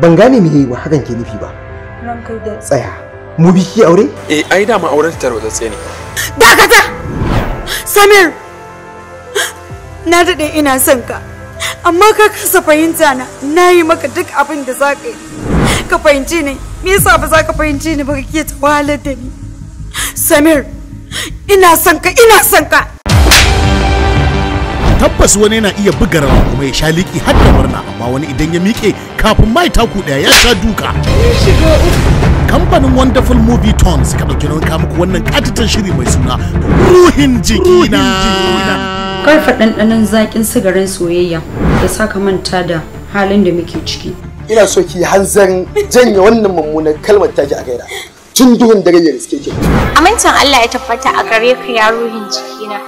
ban gane me yayi wa hakan ke nufi ba kai da tsaya mu bi shi aure eh ai da ma auren ta tarwatsatse ne dakata samir na dade ina son ka amma ka kasa fahimta na nayi yi maka duk abin da za ka yi ka fahimci ni me yasa ba za ka fahimci ni ba kake ta wahalar da ni samir ina son ka ina son ka tabbas wani na iya buga rawa kuma ya sha liki har da murna amma wani idan ya miƙe kafin mai taku daya ya sha duka kamfanin wonderful movie ton suka ɗauki nauyin kamuku wannan katitan shiri mai suna ruhin jikina karfa ɗanɗanon zaƙin sigarin soyayya da saka manta da halin da muke ciki ina so ki hanzarin janye wannan mummunar kalmar taki a gaida tun duhun dare ya riske ke. amincin Allah ya tabbata a gare ka ya ruhin jikina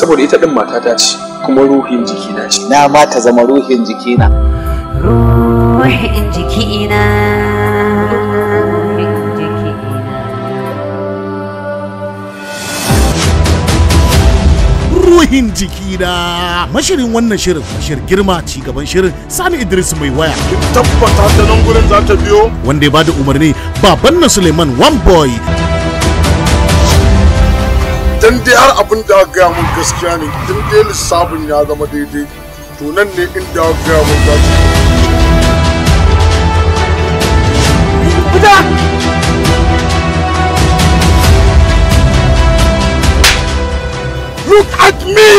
saboda ita din matata ce kuma ruhin jikina ce na ma ta zama ruhin jikina ruhin ruhin jikina ruhin jikina mashirin wannan shirin mashir girma ci gaban shirin sani idris mai waya tabbata ta nan gurin za ta biyo wanda ya bada umarni baban na suleiman one boy dan dai har abin da gaya mun gaskiya ne dan dai lissafin ya zama daidai to nan ne inda gaya mun gaskiya wuta look at me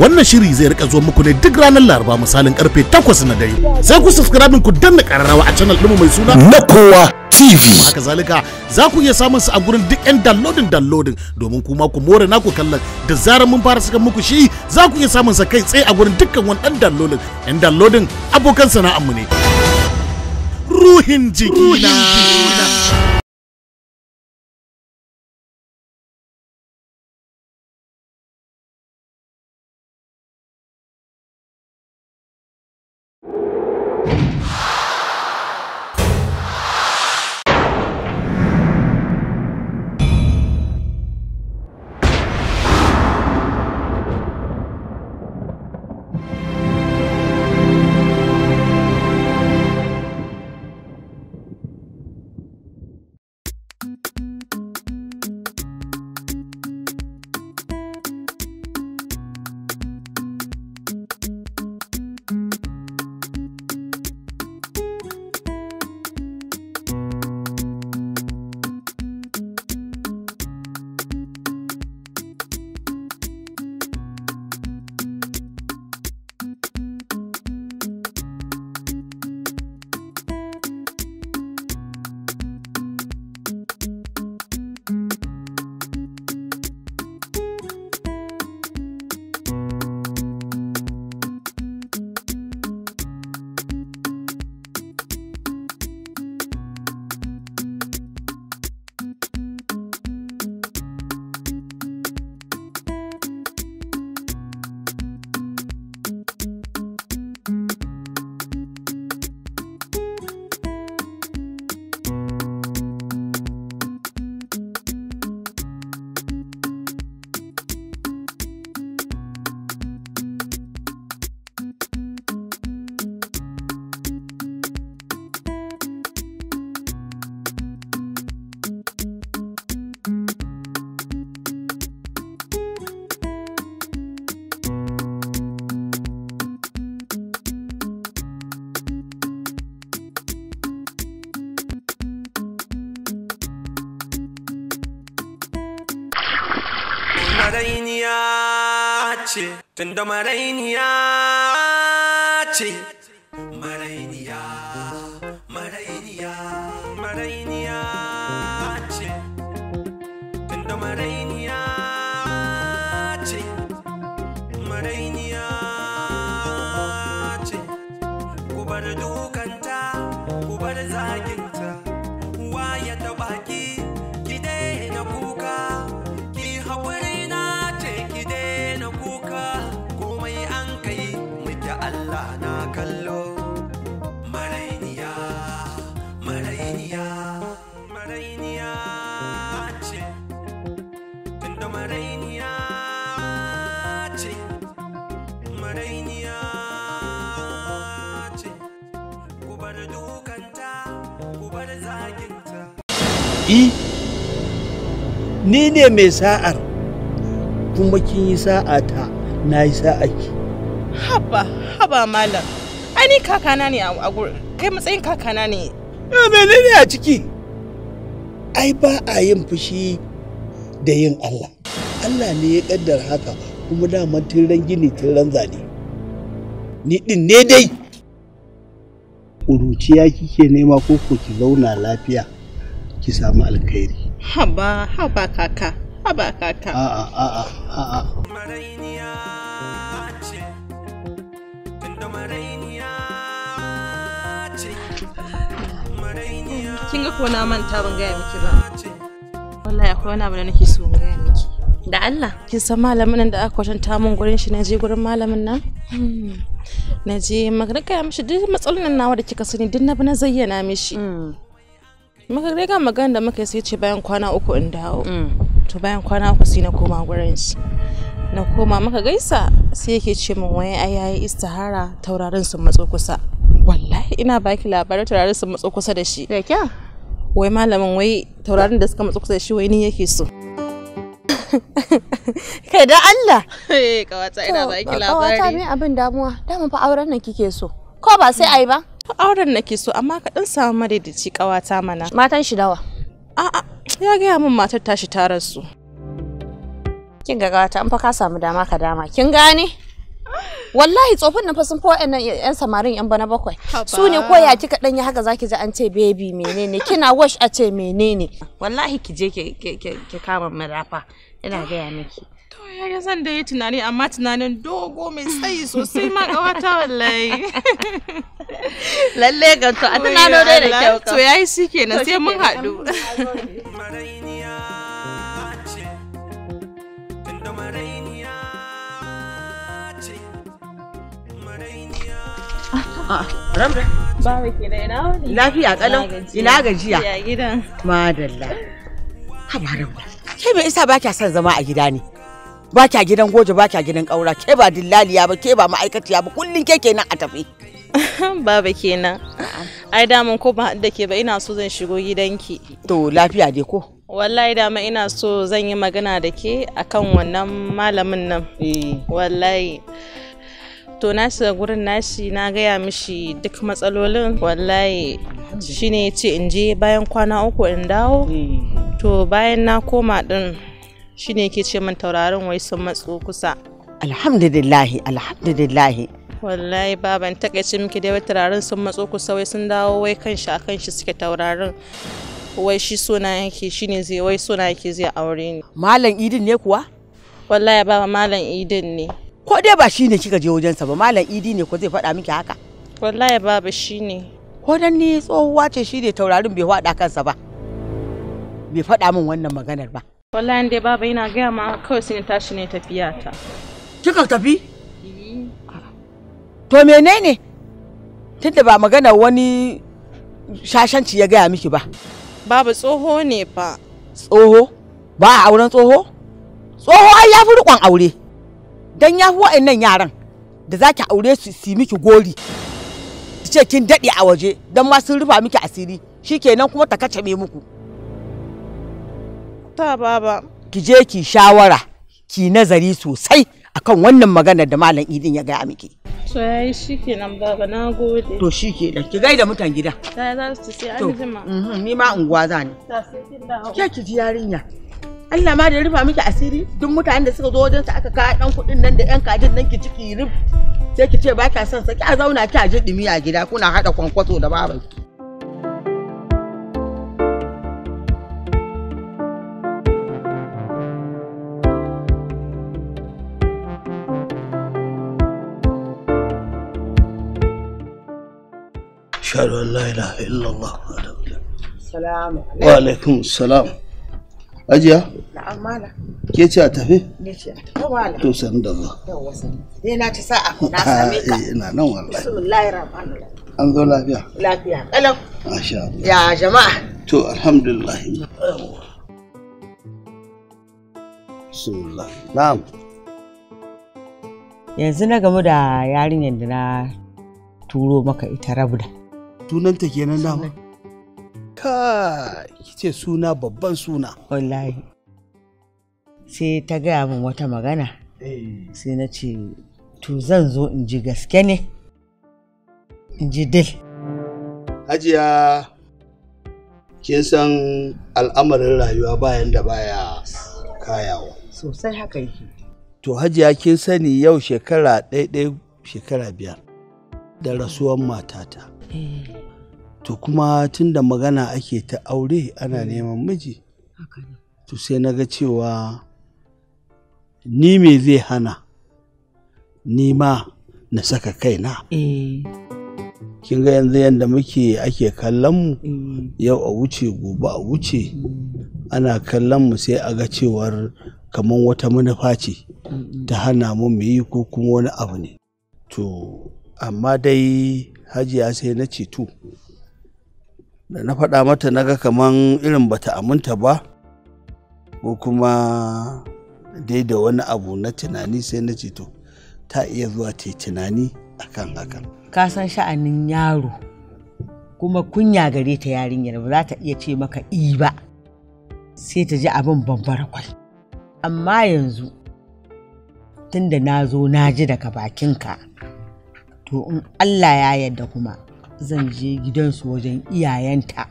wannan shiri zai rika zuwa muku ne duk ranar laraba misalin karfe 8 na dare sai ku subscribe ku danna kararrawa a channel ɗinmu mai suna na kowa tv haka zalika za ku iya samun su a gurin duk yan downloading downloading domin kuma ku more na ku kallon da zarar mun fara saka muku shi za ku iya samun sa kai tsaye a gurin dukkan wani dan downloading yan downloading abokan sana'ar mu ne ruhin jikina tunda marainiya ce marainiya marainiya marainiya ce tunda marainiya ce marainiya ce ku dukan i e, ni ne mai sa'ar kuma kin yi sa'a ta na yi sa'a ki haba haba malam ai ni kakana ne a gurin kai matsayin kakana ne eh, mene ne a ciki ai ba a yin fushi da yin Allah Allah ne ya kaddara haka kuma daman ran gini tun ran zane ni din ne dai ƙuruciya kike nema ko ki zauna lafiya ki samu alkhairi haba haba kaka haba kaka a'a a'a a'a. kin ga ko na manta ban gaya miki ba wallahi akwai wani abu da nake so gaya miki da Allah kin san malamin da aka kwatanta min gurin shi na je gurin malamin nan hmm. na je magana kai mishi duk matsalolin nawa da kika sani duk na bi na zayyana mishi hmm. muka magana da muka sai ce bayan kwana uku in dawo mm. to bayan kwana uku sai na koma gurin shi na koma muka gaisa sai yake ce min wai ai yayi istihara taurarin sun matso kusa wallahi ina baki labarin taurarin sun matso kusa da shi da wai malamin wai taurarin da suka matso kusa da shi wai ni yake so kai da Allah eh kawata ina baki labari kawata me abin damuwa dama fa auren nan kike so ko ba sai ai ba fa auren nake so amma ka dan samu madaidaci kawata mana matan shi dawa a'a ya gaya min matar tashi ta rasu kin ga gata an fa ka samu dama ka dama kin gane wallahi tsofin nan fa sun fa wa'annan yan samarin yan bana bakwai su ne ko ya kika yi haka zaki ji an ce baby menene kina wash a ce menene wallahi ki je ki kama madafa ina gaya miki To ya zan da yi tunani amma tunanin dogo mai tsayi sosai ma wata wallahi. Lalle to a tunano dai da kyau To yi shi kenan sai mun haɗu. Ramda. Babu ke da ina wani? Lafiya kalau ina gajiya. Ya gidan. Madalla. Haba Ramda. Ke me isa ba kya son zama a gida ne? ba kya gidan goje ba kya gidan ƙaura ke ba dillaliya ba ke ba ma'aikaciya ba kullum ke kenan a tafi baba kenan ai damun ko ba da ke ba ina so zan shigo gidanki to lafiya dai ko wallahi dama ina so zan yi magana da ke akan wannan malamin nan eh. wallahi to na da gurin nashi na gaya mishi duk matsalolin wallahi shine ya ce in je bayan kwana uku in dawo eh. to bayan na koma din shine ke ce man taurarin wai sun matso kusa alhamdulillahi alhamdulillahi wallahi baban takaice miki dai wai taurarin sun matso kusa wai sun dawo wai kan shi akan shi suke taurarin wai shi suna yake shine zai wai suna yake zai aure ni malam idin ne kuwa wallahi baba malam idin ne ko dai ba shine kika je wajensa ba malam idi ne ko zai faɗa miki haka wallahi baba shine ko dan ni tsohuwa ce shine taurarin bai faɗa kansa ba bai faɗa min wannan maganar ba wallahi dai baba yana gaya ma kawai sun tashi ne tafiya ta kika tafi to menene tunda ba magana wani shashanci ya gaya miki ba baba tsoho ne fa tsoho ba a auren tsoho tsoho ai ya fi riƙon aure dan ya fi wa'annan yaran da za ki aure su si miki gori ce kin daɗe a waje don ma sun rufa miki asiri shikenan kuma ta kace muku ta baba ki je ki shawara ki nazari sosai akan wannan maganar da malam idin ya gaya miki to yayi shikenan baba na gode to shikenan ki gaida mutan gida ta za su mhm, ni ma unguwa za ni ke ki ji yarinya Allah ma da ya rufa miki asiri duk mutanen da suka zo wajen sa aka kawo dan kudin nan da yan kajin nan ki ciki rub sai ki ce ba ka son sa ki a zauna ki a ji dumi a gida kuna hada kwankwaso da baban. ashhadu wa alaikum salam ajiya ke ce a tafi ne ce a ne na ci نعم والله بسم ka ina nan wallahi لا an zo lafiya lafiya الله يا جماعة ya jama'a to بسم الله نعم yanzu na gamu da yarinyar da na turo maka ita rabda sunanta kenan dama kai ce suna babban suna wallahi sai ta gaya min wata magana eh. sai na ce to zan zo in ji gaske ne in ji dil hajiya kin san al'amarin rayuwa bayan da baya kayawa sosai haka yake to hajiya kin sani yau shekara ɗaya-ɗaya, shekara biyar da rasuwan matata Eh. to kuma tun da magana ake ta aure ana hmm. neman miji to sai na ga cewa ni me zai hana ni ma na saka kaina eh. kin ga yanzu yadda muke ake kallon mu hmm. yau a wuce gobe a wuce hmm. ana kallon mu sai a ga cewar kamar wata manufa ce ta hana mu mu yi ko kuma wani abu ne to amma dai hajiya sai na ceto da na faɗa mata na ga kaman irin bata aminta ba ko kuma dai da wani abu na tunani sai na ceto ta iya zuwa ta yi tunani akan hakan ka san sha'anin yaro kuma kunya gare ta yarinyar ba za ta iya ce maka i ba sai ta ji abin bambara kwal amma yanzu tunda na zo na ji daga bakinka to in Allah ya yarda kuma zan je gidansu wajen iyayenta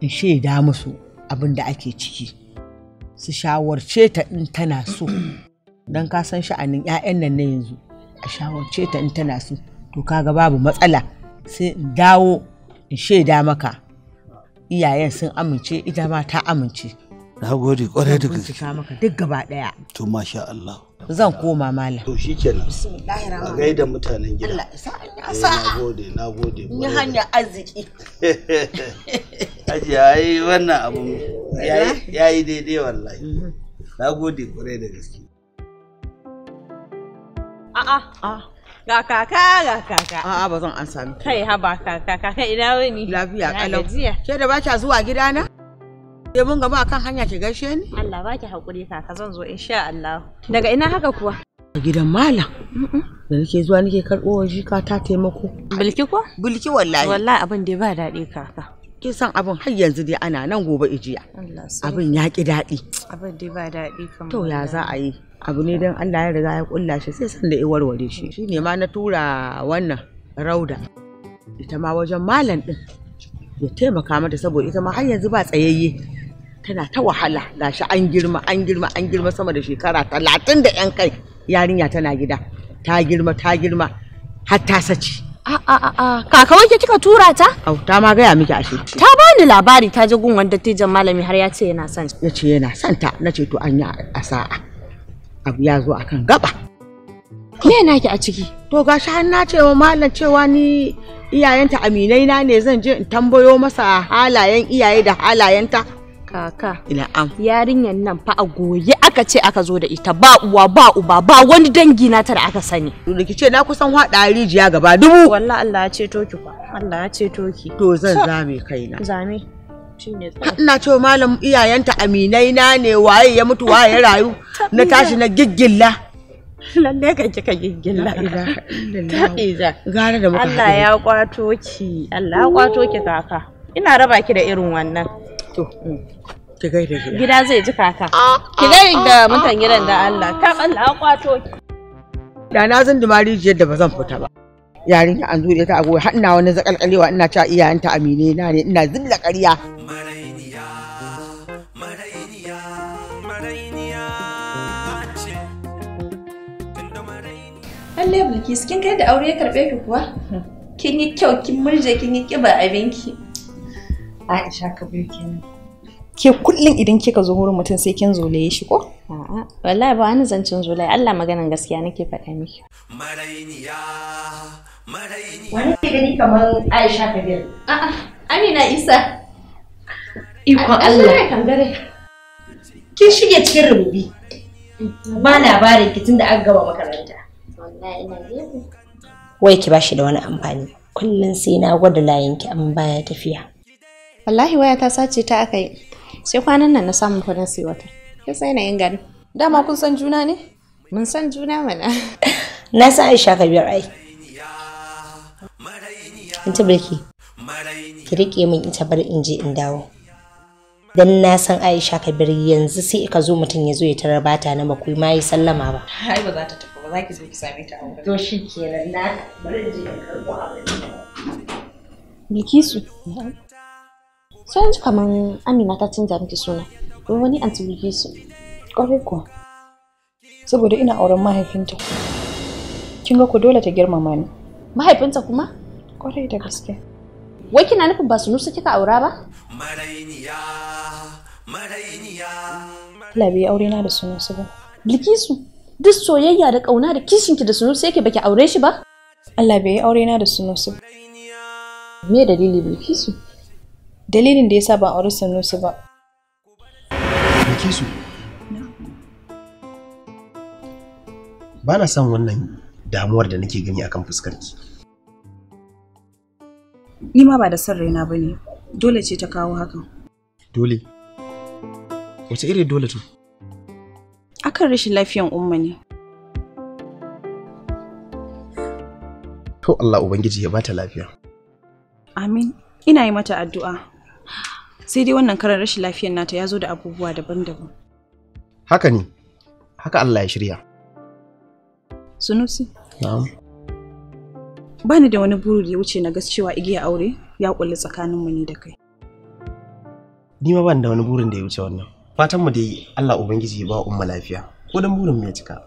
in shaida musu abin da ake ciki su shawarce ta in tana so don ka san sha'anin 'ya'yan nan na yanzu a shawarce ta in tana so to kaga babu matsala sai in dawo in shaida maka iyayen sun amince ita ma ta amince na gode kwarai da gaske maka duk gaba daya to masha Allah zan koma mala to shikenan bismillahir rahmanir rahim a gaida mutanen gida Allah ya sa ya eh, sa na gode na gode ni hanya arziki aje ai wannan abu eh. yayi daidai wallahi mhm. na gode kwarai da gaske a a a ga kaka ga kaka a'a ba zan an sami kai haba kaka kaka ina wani lafiya kalau ke da ba zuwa gidana Eh mun gama kan hanya ki gaishe ni? Allah baki hakuri kaka zan zo insha Allah. Daga ina haka kuwa? a Gidan malam. Da nake zuwa nake karɓo wa jika ta taimako. Bilki ko? Bilki wallahi. Wallahi abin da ba daɗi kaka. Kin san abin har yanzu dai ana nan gobe ijiya. Abin ya ki daɗi. Abin dai ba daɗi kamar. To ya za a yi? Abu ne don Allah ya riga ya kulla shi sai san da i warware shi. Shi ne ma na tura wannan rauda. Ita ma wajen malam ɗin. Ya taimaka mata saboda ita ma har yanzu ba tsayayye. tana ta wahala gashi an girma an girma an girma sama da shekara talatin da yan kai yarinya tana gida ta girma ta girma har ta saci kaka wanke kika tura ta? Au, ta ma gaya miki ashe. Ta bani labari ta ji gun wanda dattijan malami har ya ce yana son. Ya ce yana son ta, na ce to an yi asa'a. Abu ya zo akan gaba. Me ki a ciki? To gashi har na ce wa malam cewa ni iyayenta aminai na ne zan je in tambayo masa halayen iyaye da halayenta kaka na'am yarinyar nan fa a goye aka ce aka zo da ita ba uwa ba uba ba wani dangi na ta da aka sani rikice na kusan hada rijiya gaba dubu wallahi Allah ya ceto ki kwa. Allah ya ceto ki to zan zame kaina zame ina ce malam iyayenta aminai na ne waye ya mutu waye ya rayu na tashi na giggilla lalle ka kika giggila ta'iza gara da muka Allah ya kwato ki Allah ya kwato ki kaka ina raba ki da irin wannan to mm. ki gai da gida gida zai ji kaka ah, ah, ki gai da ah. mutan gidan da Allah ka Allah kwato da na zan dumari jiyar da ba zan fita ba yarinya an da ta agogo har ina wani zakalkalewa ina ta iyayenta amine na ne ina zilla ƙarya Lallai Bilkisu kin kai da aure ya karɓe ki kuwa? Hmm. Kin yi kyau kin murje kin yi ƙiba abinki. Aisha Kabir kenan. ke kullum idan kika zo wurin mutum sai kin zolaye shi ko a'a wallahi ba wani zancin zolaye Allah maganan gaskiya nake faɗa miki marainiya marainiya wani ke gani kamar Aisha Kabir a'a Amina Isa iko Allah kin shige cikin rububi ba labarin ki tunda an gaba makaranta wallahi ina wai ki bashi da wani amfani kullum sai na gwada layinki an baya tafiya wallahi waya ta sace ta aka yi sai kwanan nan na samun ko sai wata ya sai na yin gari dama kun san juna ne mun san juna mana na san aisha ka biyar ai in ta birki ki rike min ita bar in je in dawo dan na san aisha ka biyar yanzu sai ka zo mutum ya zo ya tarar bata na bakwai ma yi sallama ba ai ba za ta tafi ba za ki zo ki same ta a to shi kenan na bari in je in karɓo abin Bilkisu. sai ji kamar amina ta canza miki suna wai wani anti bilkisu ƙwarai kuwa saboda ina auren mahaifinta kin ga ku dole ta girmama ni mahaifinta kuma ƙwarai da gaske wai kina nufin ba su nusa kika aura ba marainiya marainiya Allah bai aure na da suna su ba bilkisu duk soyayya da ƙauna da kishinki da sunusu yake baki aure shi ba Allah bai aure na da ba me dalili bilkisu dalilin da ya sa ban auri sanusi ba ke su ba na son wannan damuwar da nake gani akan fuskarki ni ma ba da son raina ba ne dole ce ta kawo hakan dole wace irin dole to akan rashin lafiyan umma ne to Allah ubangiji ya bata lafiya amin ina yi mata addu'a sai dai wannan karar rashin lafiyar nata ya zo da abubuwa daban-daban haka ne haka Allah ya shirya sunusi na'am bani da wani buru da ya wuce na gas cewa igiya aure ya kulli tsakanin mu ni da kai ni ma ban da wani burin da ya wuce wannan fatan mu dai Allah ubangiji ya ba umma lafiya ko dan burin mu ya cika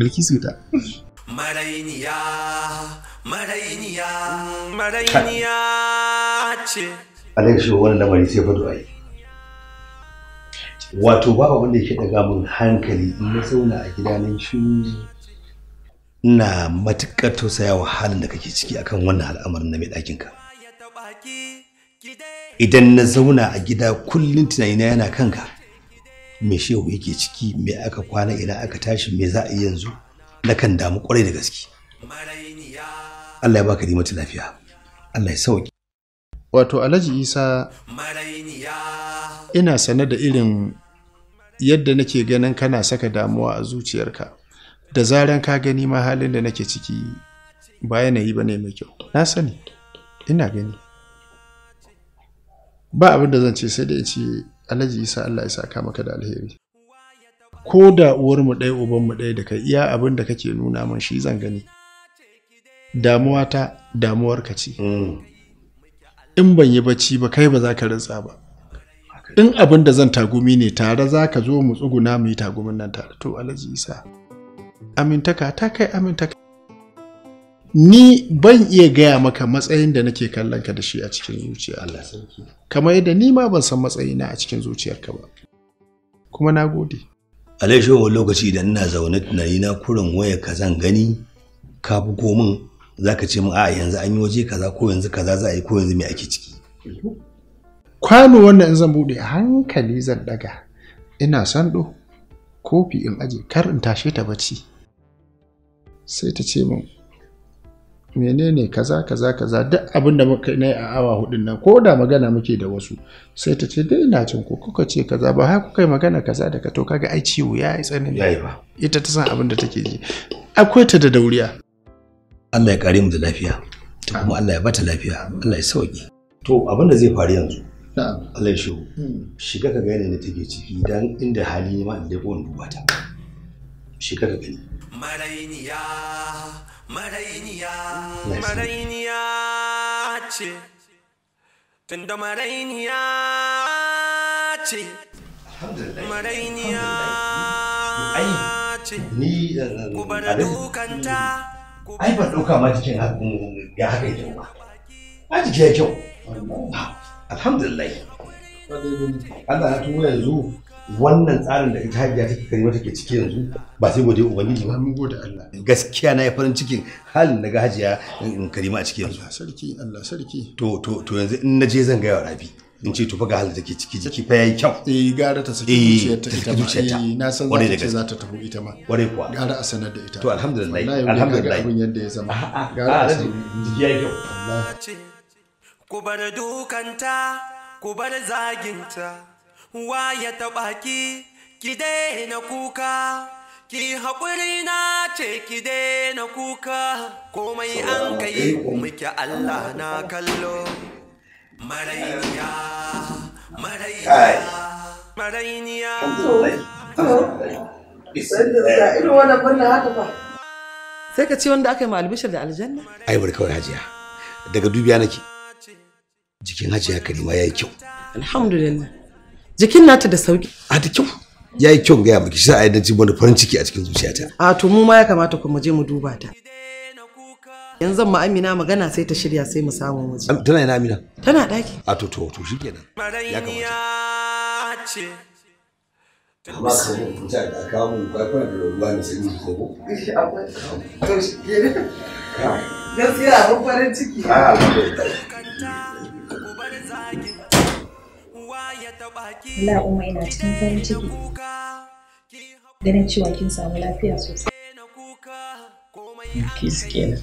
bilkisu ta marainiya marainiya marainiya Wato wani lamari sai fado ai. Wato babu wanda yake daga min hankali in na zauna a gidanin shi ina matuƙar tausayawa halin da kake ciki akan wannan al'amarin na mai ka Idan na zauna a gida kullum na yana kanka. Me shehu yake ciki, me aka kwana idan aka tashi, me za a yi yanzu? kan damu kwarai da gaske. Allah ya baka rimatu lafiya. Allah ya sauki. wato alhaji isa ina sane da irin yadda nake ganin kana saka damuwa a zuciyarka da zaren ka gani ma halin da nake ciki ba yanayi ba ne mai kyau na sani ina gani ba abin da zan ce sai da ce alhaji isa allah ya saka maka da alheri ko da uwarmu ɗaya ubanmu ɗaya da kai iya abin da kake nuna min shi zan gani Damuwa damuwata damuwarka ce mm. in ban yi bacci ba kai ba za ka rantsa ba in abin da zan tagumi ne tare za ka zo mu tsuguna mu yi tagumin nan tare to alhaji isa amintaka ta kai amintaka ni ban iya gaya maka matsayin da nake kallon ka da shi a cikin zuciya Allah kamar yadda ni ma ban san matsayina a cikin zuciyarka ba kuma na gode alaishin wani lokaci idan ina zaune tunani na kurin waya ka zan gani ka bugo min za ka ce min a yanzu an yi waje kaza ko yanzu kaza za a yi ko yanzu me ake ciki kwano wannan in zan buɗe hankali zan daga ina sando kofi in aje kar in tashe ta bacci sai ta ce min menene kaza kaza kaza duk abin da muka yi a awa hudun nan ko da magana muke da wasu sai ta ce dai ina cin ko kuka ce kaza ba har kuka yi magana kaza daga to kaga ai ciwo ya yi tsanani ita ta san abin da take ji akwai ta da dauriya Allah ya kare mu da lafiya ta kuma Allah ya bata lafiya Allah ya sauki to abin da zai faru yanzu Allah ya shigo hmm. shiga ka gane da take ciki dan inda hali ne ma in dai wani duba ta shiga ka gani marainiya marainiya marainiya ce tunda marainiya ce marainiya ce ni eh, eh, a dukanta ai ban ɗauka ma jikin ya haka ya kyau ba a jiki ya kyau alhamdulillah Allah ya tuwo yanzu wannan tsarin da ita hajiya take kai mata ke ciki yanzu ba sai gode ubangiji ba mun gode Allah gaskiya na yi farin cikin halin da ga hajiya in eh, karima a ciki yanzu Allah sarki Allah sarki to to to yanzu in naje zan ga yawa rabi in ce tufa ga halin da ke ciki jiki fa yayi kyau eh gara ta saki eh, zuciyarta ita ma eh, na san za ta za ta tafi ita ma ware kuwa gara a sanar da ita to alhamdulillah alhamdulillah abin yadda ya zama gara a sanar jiki yayi kyau ku bar dukanta ku bar zaginta ya taɓa ki ki na kuka ki haƙuri na ce ki na kuka komai an kai muke Allah na kallo sai ka ce wanda aka yi ma albishir da aljanna ai bar kawai hajiya daga dubiya nake jikin hajiya karima yi kyau alhamdulillah jikin nata da sauki a da kyau ya yi kyau ga ya miki sai a yi da farin ciki a cikin zuciyata a to mu ma ya kamata ku mu je mu duba ta yanzu zan Amina magana sai ta shirya sai mu samu waje tana ina Amina tana daki a to to to shikenan ya kamata ka ka mu ka da ruwa ne sai mu ko to shikenan gaskiya farin ciki a Allah umma ina cikin farin ciki ganin cewa kin samu lafiya sosai Kiss kenan.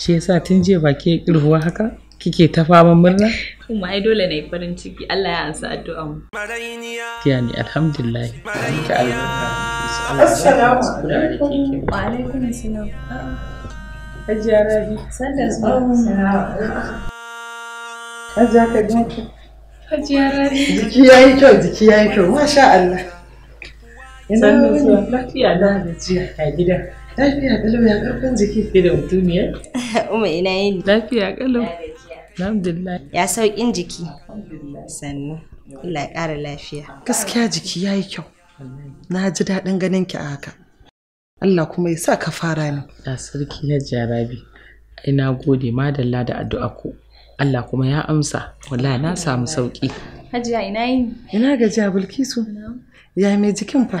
shi yasa tun jiya baki ya kirhuwa haka kike ta faman murna kuma ai dole na yi farin ciki Allah ya ansa addu'a mu kiya ni alhamdulillah ka Allah assalamu alaikum wa alaikum assalam hajiya rabi sanda zuwa hajiya ka dinka hajiya rabi jiki yayi kyau jiki yayi kyau masha Allah sanda so lafiya da hajiya a gida Lafiya kalau ya karfin jiki ke da mutumiya? Uma ina yini? Lafiya kalau. Alhamdulillah. Ya sauƙin jiki. Sannu. Allah ya ƙara lafiya. Gaskiya jiki ya yi kyau. Na ji daɗin ganin ki a haka. Allah kuma ya sa ka fara ni. A sarki na jarabi. Ina gode madalla da addu'a ku. Allah kuma ya amsa. Wallahi na samu sauƙi? Hajiya ina yini? Ina gajiya Bilkisu. Ya mai jikin fa?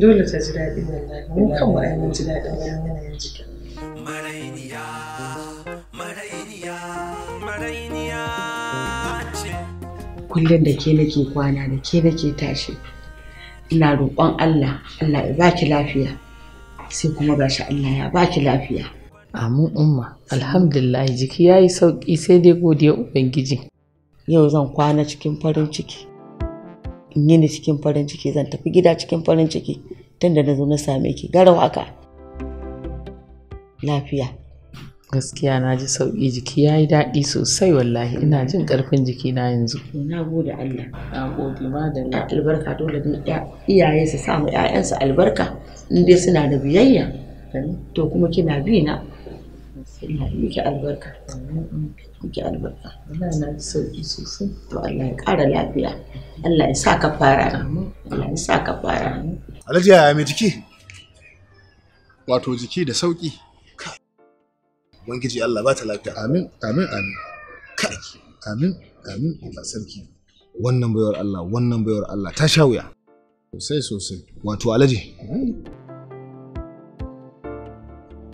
dole ta ji daɗin wallahi mun kan mu ai mun ji daɗin wannan yanayin jikin marainiya marainiya marainiya kullum da ke nake kwana da ke nake tashi ina roƙon Allah Allah ya baki lafiya sai kuma gashi Allah ya baki lafiya amin umma alhamdulillah jiki yayi sauki sai dai godiya ubangiji yau zan kwana cikin farin ciki in yi ni cikin farin ciki zan tafi gida cikin farin ciki tanda na zo na same ki garau haka lafiya gaskiya na ji sauƙi jiki ya yi daɗi sosai wallahi ina jin ƙarfin jiki na yanzu na gode Allah na gode madalla albarka dole ne iyaye su samu 'ya'yansu albarka in dai suna da biyayya to kuma kina bi na miki albarka miki albarka Allah na sauki sosai to Allah ya ƙara lafiya Allah ya sa ka fara Allah ya sa ka fara Alhaji ya mai jiki wato jiki da sauki Ubangiji Allah ba ta lafiya amin amin amin kai amin amin Allah sarki wannan baiwar Allah wannan baiwar Allah ta sha wuya sosai sosai wato Alhaji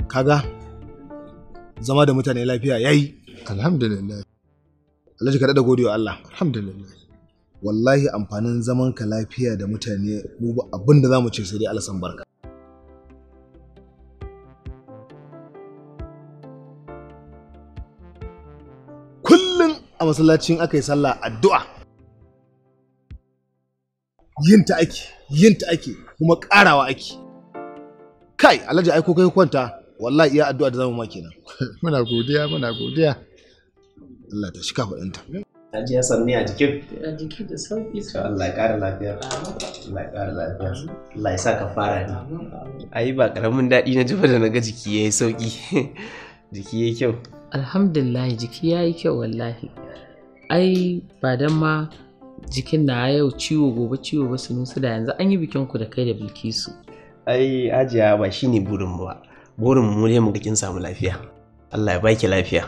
kaga zama da mutane lafiya ya yi. alhamdulillah alhaji ka daɗa godiyo Allah alhamdulillah wallahi amfanin zaman ka lafiya da mutane mu ba abin da zamu ce sai dai Allah san barka kullum a masallacin aka yi sallah addu'a yin ta ake yin ta ake kuma karawa ake kai alhaji ai ko kai kwanta wallahi iya addu'a da zamu ma kenan muna godiya muna godiya Allah ta shika fadanta ta ji yasan ne a jikin a jikin da sauki Ka Allah ya ƙara lafiya Allah ya ƙara lafiya Allah ya sa ka fara ni ayi ba karamin daɗi na jifa da na ga jiki yayi sauki jiki yayi kyau alhamdulillah jiki yayi kyau wallahi ai ba dan ma jikin na yau ciwo gobe ciwo ba su da yanzu an yi bikin ku da kai da bilkisu ai ajiya ba shine burin ba burin mu ne mu ga kin samu lafiya Allah ya baki lafiya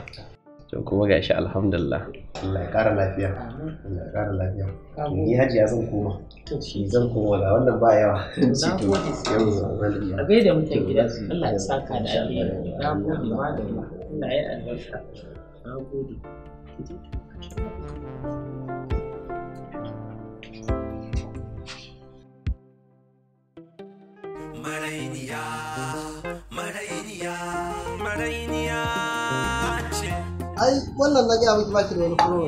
to kuma gashi alhamdulillah Allah ya kara lafiya Allah ya kara lafiya ni hajiya zan koma shi zan koma da wannan ba yawa shi to yau a da mutan gida Allah ya saka da alheri na gode malama Allah ya albarka na gode marainiya marainiya marainiya ai wannan na gaya miki baki da wani kuro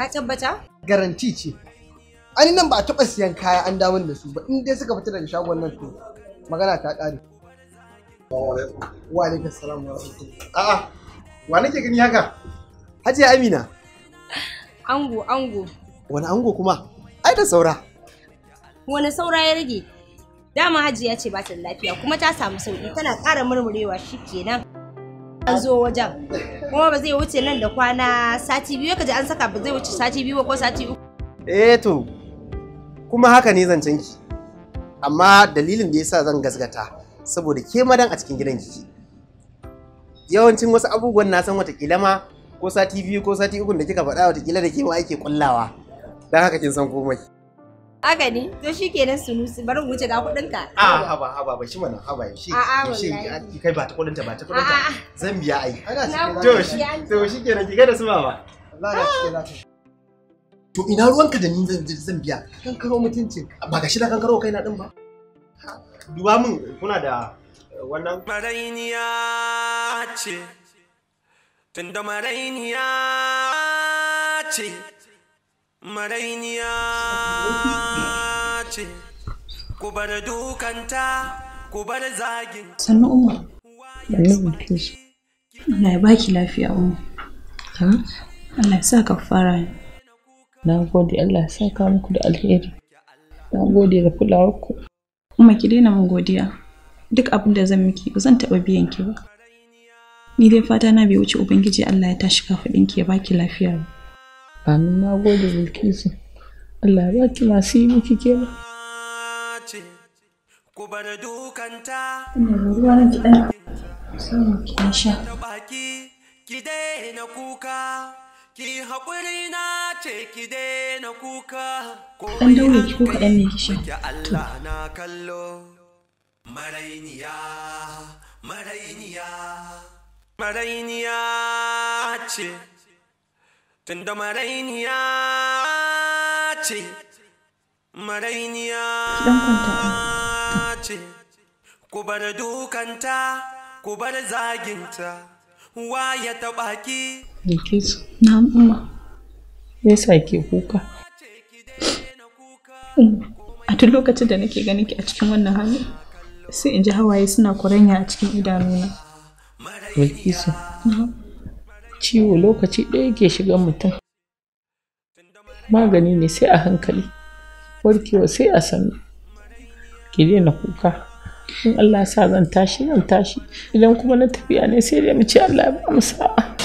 ka tabbata garanti ce an nan ba a taɓa siyan kaya an damar da su ba in dai suka fita daga shagon nan to magana ta ƙare wa alaikum salam wa rahmatullahi a'a wa nake gani haka hajiya amina ango ango wani ango kuma ai da saura wani saura ya rage dama hajiya ce ba ta da lafiya kuma ta samu sauki tana ƙara murmurewa shikenan an zo wajen kuma ba zai wuce nan da kwana sati biyu ji an saka ba zai wuce sati biyu ko sati uku eh to kuma haka ne zancen ki amma dalilin da yasa zan gasgata saboda ke madan a cikin gidan kiki yawancin wasu abubuwan na san watakila ma ko sati biyu ko sati uku da kika faɗa watakila da ke ma ake kullawa don haka kin san komai Aka ne, to shi su sunusi bari wuce ga kuɗinka. A haba haba ba shi mana haba shi. A a wallahi. Shi kai ba ta ta ba ta ta. Zan biya ai. To shi to shi kenan ki kada su baba. Wallahi To ina ruwanka da ni zan biya? Kan karo mutuncin. Ba ga shi da kan karo kaina din ba. Duba min kuna da eh, wannan. Marainiya ce. Tunda marainiya ce. marainiya ce ku bar dukanta ku bar zagin sannu umar ana ya ki lafiya umar Allah ya sa ka fara na gode Allah ya sa ka muku da alheri na gode da kulawarku kuma ki daina mun godiya duk abin da zan miki ba zan taɓa biyan ki ba ni dai fata na bai wuce ubangiji Allah ya tashi kafa ki ya baki lafiya ba Amin na gode Bilkisu. Allah ya baki masu yi miki ke ba. dukanta. Ina da ruwa na kiɗa. ki sha. Ki daina kuka. Ki haƙuri na ce ki kallo. Marainiya, marainiya, marainiya ce. tunda marainiya ce marainiya ce ku bar dukanta ku bar zaginta waya ya taɓa ki na amma me yasa ke kuka a duk lokacin da nake ganin ki a cikin wannan hali sai in ji hawaye suna kuranya a cikin idanuna Bilkisu, ciwo lokaci ɗaya ke shiga mutum magani ne sai a hankali warkewa sai a sannu ki daina kuka in allah sa zan tashi zan tashi idan kuma na tafiya ne sai dai mu ce allah ya ba mu sa'a